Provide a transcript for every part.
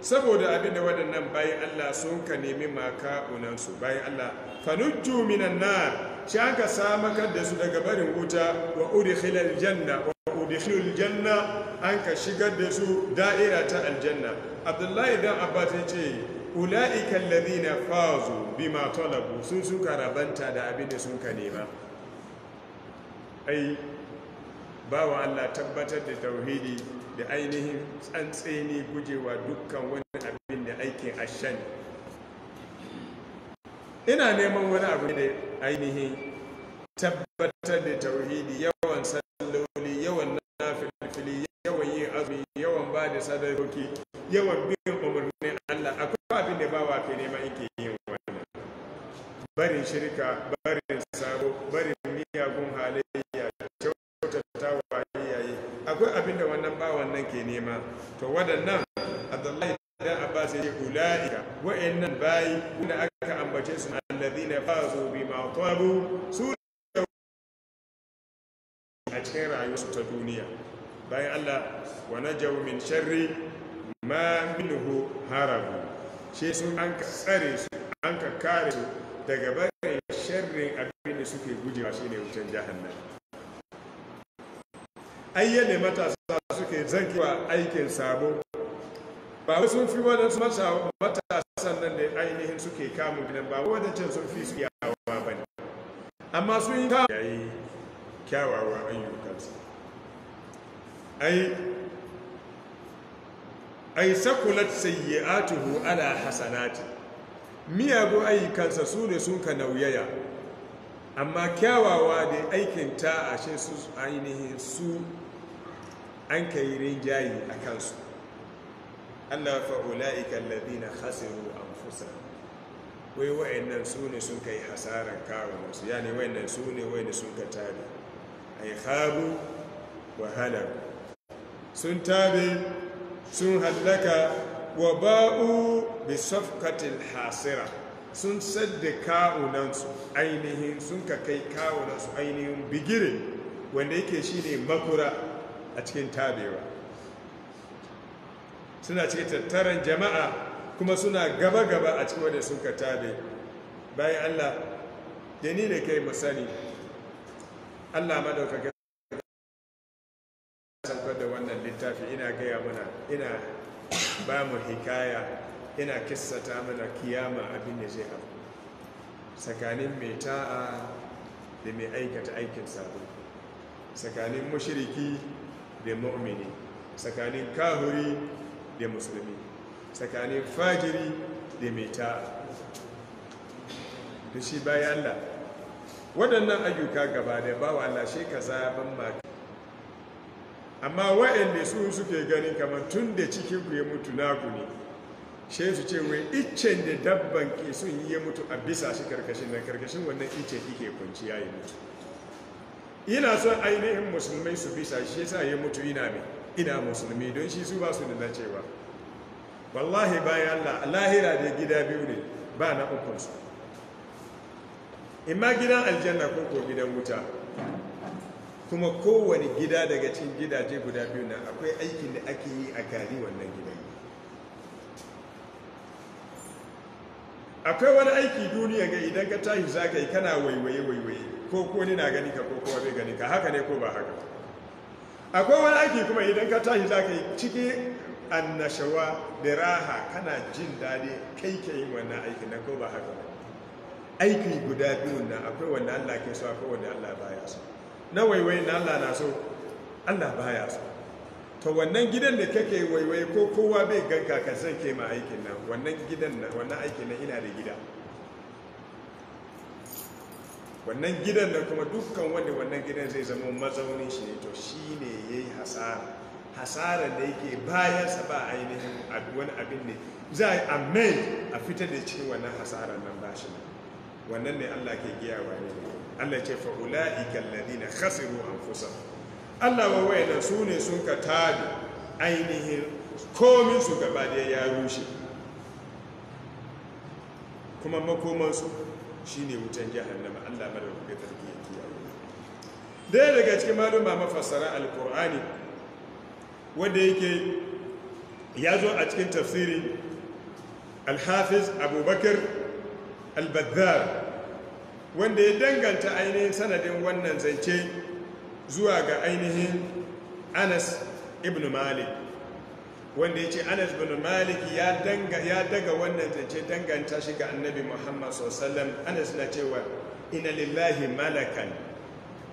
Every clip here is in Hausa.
saboda abin da waɗannan bayan Allah sun ka nemi maka unansu bayan Allah fanujju minan nar an ka samakar da su daga barin wuta wa udkhilal janna wa udkhilul janna an ka shigar da su da'ira ta aljanna abdullahi dan abbas ya ce ulaika alladhina fazu bima talabu sun suka rabanta da abin da sun ka nema ai bawa Allah tabbatar da tauhidi da ainihin tsantseni gujewa dukkan wani abin da aikin ashen ina neman wani abu da ainihin tabbatar da tauhidi yawan salloli yawan filfili yawan yin azumi yawan ba da sadaroki yawan bin umarnin allah akwai abin da ba wa ke neman ike yin wani. barin shirka barin to waɗannan abdullahi da abbas ya ce ulaika wa'annan bayi wanda aka ambace su alladhina bi ma tabu su a cikin rayuwarsu ta duniya bayan Allah wa najaw min sharri ma minhu harabu shi su an ka tsare su an ka kare su daga barin sharrin abin da suke gujewa ne wutan jahannan. ayyane matasa suke zankewa aikin sabo ba wasu sun fi wadansu matasan nan da ainihin suke kamun gidan ba wadancan sun fi su yawa ba ne amma sun yi kawo yayi kyawawa ayyukansu ai ai sakulat sayyi'atuhu ala hasanati miyagu ayyukansa su ne sun ka nauyaya amma kyawawa da aikin ta a shi su ainihin su an yi rinjaye a kansu allah fa'ula'ikan labina hasiru fusa wai wa'annan su ne sun kai hasarar kawunansu ya ne wa'annan su ne wa'annan sun ka tabi a yi haru wahalar sun tabi sun hallaka wa ba'u bi safkatin hasira sun da kawunansu ainihin sun ka kai kawunansu ainihin bigire wanda yake shi ne makura a cikin tabewa suna cikin tattaren jama'a kuma suna gaba-gaba a cikin wanda ka tabe bayan allah da ni da kai musani allah madaukakin saukar da wannan littafi ina gaya muna ina ba mu hikaya yana kissata mana kiyama abin da zai haku tsakanin mai ta'a da mai aikata aikin sabo tsakanin mashiriki da ma'amini tsakanin kahuri da musulmi tsakanin fajiri da mai ta'a da shi bayan allah waɗannan ayyuka gaba da bawa allah shi ka zaɓen maka amma waɗanda su suke gani kamar tun da cikin ku mutu naku ne shi su ce wai iccen da dabban ke sun yi ya mutu a bisa shi karkashin nan karkashin wannan iccen ike kwanciya ya mutu Ina son ainihin musulmai su bisa shi ya sa ya mutu ina mai ina musulmi don shi su ba su da nacewa wallahi bayan Allah lahira da gida biyu ne ba na ukunsu imma gidan aljanna ko ko gidan wuta kuma kowane gida daga cikin gidaje guda biyu nan akwai aikin da ake yi a gari wannan gidan akwai wani aiki duniya ga idan ka tashi za ka yi kana waiwaye waiwaye ko ko ni na gani ka ko kowa bai gani ka haka ne ko ba haka akwai wani aiki kuma idan ka tashi za ka yi cike annashawa da raha kana jin daɗi kai ke yin wannan aiki na ko ba haka aiki guda biyun nan akwai wanda Allah ke so akwai wanda Allah baya so na waiwaye na Allah na so Allah baya so to wannan gidan da kake waiwai ko kowa bai ganka ka san ke ma aikin nan wannan gidan nan wannan aikin nan ina da gida wannan gidan nan kuma dukkan wanda wannan gidan zai zama mazaunin shi ne to shi ne ya yi hasara hasara da yake bayansa ba ainihin wani abin ne za a yi a fitar da cikin wannan hasara nan ba shi nan wannan ne allah ke giyawa ne allah ce fa'ula'ika ladina khasiru anfusahum allah wa waina su ne sun ka tabi ainihin komin su gaba da ya rushe kuma makomansu shi ne wutan jihannama allah madaukakin sarki ya kiyaye daya daga cikin maluma mafassara alkur'ani wanda yake ya zo a cikin tafsirin alhafiz abubakar albazar wanda ya danganta ainihin sanadin wannan zance zuwa ga ainihin anas ibn malik wanda ya ce anas ibn malik ya daga wannan tace danganta shi ga annabi muhammad sosallam anas na cewa ina lillahi malakan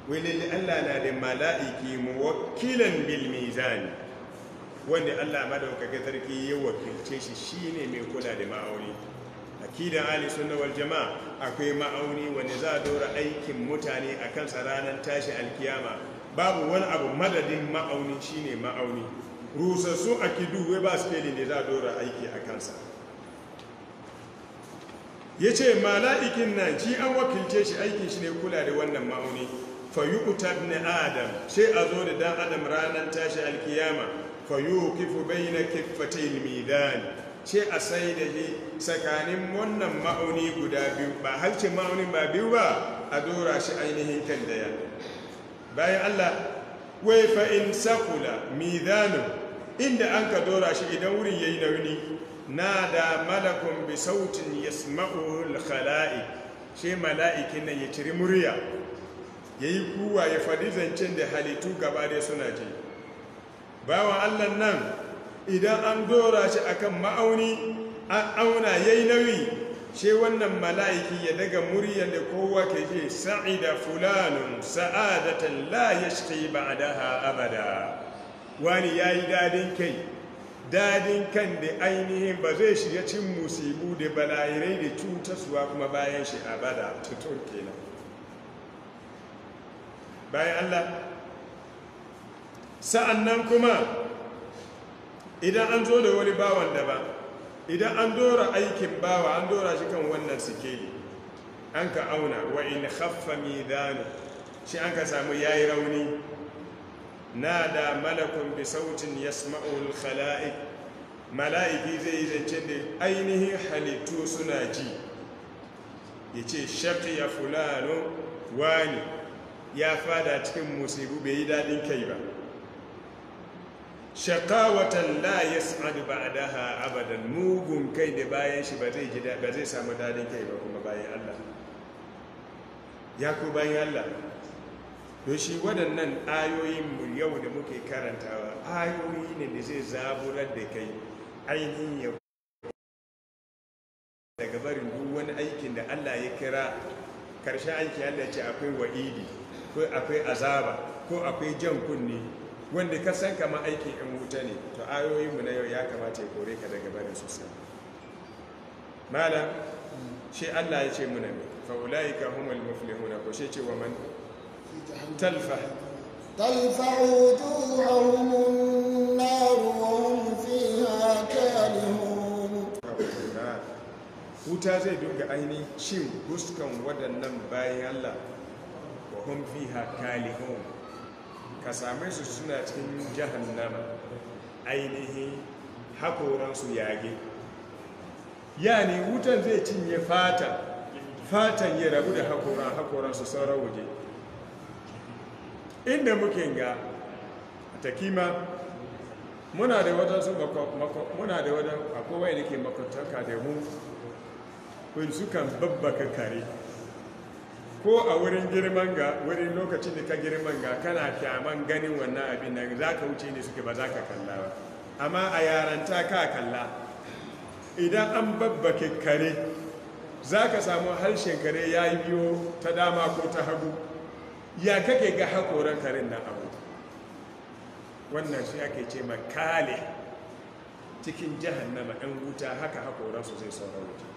wilil allah na da mala'iki muwakkilan bil mizani wanda allah madaukakin sarki ya wakilce shi shi ne mai kula da ma'auni da ali sunna wal jama'a akwai ma'auni wanda za a dora aikin mutane a kansa ranar tashi alkiyama babu wani abu madadin ma'auni shine ma'auni rusassu a kidu wai ba skelin da za a dora aiki a kansa ya ce mala'ikin nan ji an wakilce shi aikin shi ne kula da wannan ma'auni fayukuta na adam sai a zo da dan adam ranar tashi alkiyama fayukifu bai na kifatai midan ce a sai da shi tsakanin wannan ma'auni guda biyu ba halcin ma'aunin ba biyu ba a dora shi ainihin kan daya bayan allah wai fa'in sakula mizanin inda an ka dora shi idan wurin ya yi nauni na da malakun bi sautin ya sma'ul khala'i shi mala'ikin nan ya ciri murya ya yi kuwa ya faɗi zancen da halittu gaba dai suna ce bawan allah nan idan an dora shi kan ma'auni an auna yayi nauyi shi wannan mala'iki ya daga muryar da kowa ke ce sa'ida fulanun sa'adatan la yashqi ba'daha abada wani yayi dadin kai dadin kan da ainihin ba zai shiga cin musibu da bala'irai da cutarwa kuma bayan shi abada tutur kenan bayan Allah sa'annan kuma idan an zo da wani bawan da ba idan an dora aikin bawa an dora shi kan wannan sikeli an ka auna wa in haffa mizanu shi an ka samu yayi rauni da malakun bi sautin yasma'ul khala'iq mala'iki zai zance da ainihin halittu suna ji yace shaqiya fulano wani ya fada cikin musibu bai yi daɗin kai ba shakawatan la a daha abadan mugun kai da bayan shi ba zai samu dadin kai ba kuma bayan Allah ya ku bayan Allah to shi waɗannan ayoyin yau da muke karantawa ayoyi ne da zai zaburar da kai ainihin ya daga barin duk wani aikin da Allah ya kira karshen aiki Allah ce akwai wa'idi ko akwai azaba ko akwai jan kunne wanda ka san kama aikin yan wuta ne to ayoyinmu na yau ya kamata ya kore ka daga barin sosai mala shi allah ya ce muna mai fa'ula'i ka humul muflihuna ko na, ce wa man talfa talfa wujuhahum nar wa hum ne kalihun wuta zai dinga ainihin cin buskan waɗannan bayan allah wa hum ne kalihun ka same su suna cikin jahannama ainihin hakoransu yage yani wutan zai cinye fata fatan ya rabu da hakoran hakoransu sauran waje inda muke ga ta kima muna da su muna da wajen akwai wani ke makwataka da mu kun sukan babbaka kare ko a wurin girman ga wurin lokacin da ka girman ga kana kyaman ganin wannan abin nan za ka wuce ne suke ba za ka kalla ba amma a yaranta ka kalla idan an babbake kare za ka samu harshen kare ya yi biyo ta dama ko ta hagu ya kake ga hakoran karen na abu wannan shi ake ce makale cikin jahannama ɗan wuta haka hakoransu zai sauran wuta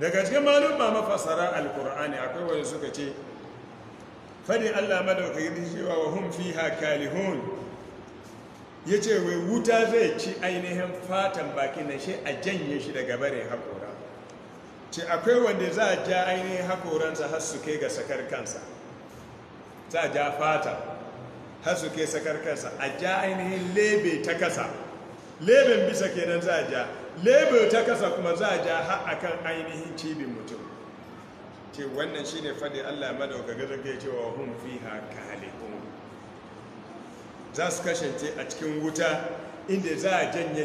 daga cikin malum ba mafasara alkur'ani akwai wani suka ce fadi allah madaukakin cewa wa hun fi kalihun ya ce wai wuta zai ci ainihin fatan baki na shi a janye shi daga bare haƙora ce akwai wanda za a ja ainihin haƙoransa har su ga sakar kansa za a ja fata har su ke sakar kansa a ja ainihin lebe ta kasa leben bisa kenan za a ja Lebul ta kasa kuma za a ja har kan ainihin cibin mutum ce wannan shi ne faɗi allah madaukaga zage cewa hun fi haka halikun za su kasance a cikin wuta inda za a janye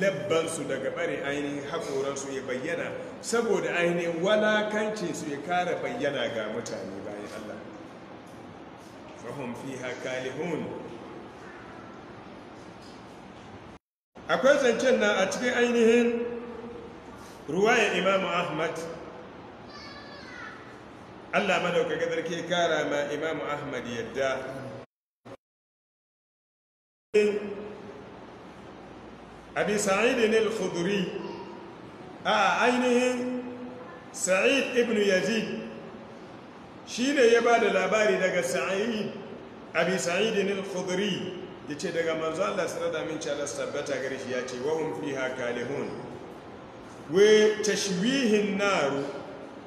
labbansu daga bare ainihin haƙoransu ya bayyana saboda ainihin su ya kara bayyana ga mutane bayan allah akwai zancen na a cikin ainihin ruwaya imamu ahmad allah gadar ke kara ma imamu ahmad yadda abi sa'idin al-khuduri a ainihin sa'id ibn yazid shi ne ya ba da labari daga sa'id abi sa'idin al-khuduri ya ce daga manzo Allah su da min cewa tabbata gare shi ya ce wa fi fiha kalihun we tashbihin naru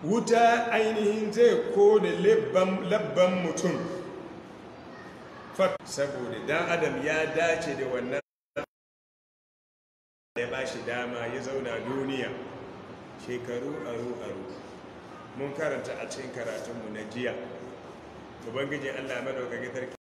wuta ainihin zai ko da labban mutum saboda dan adam ya dace da wannan ya ba shi dama ya zauna duniya shekaru aru-aru mun karanta a cikin karatunmu na jiya ubangijin allah madaukakin sarki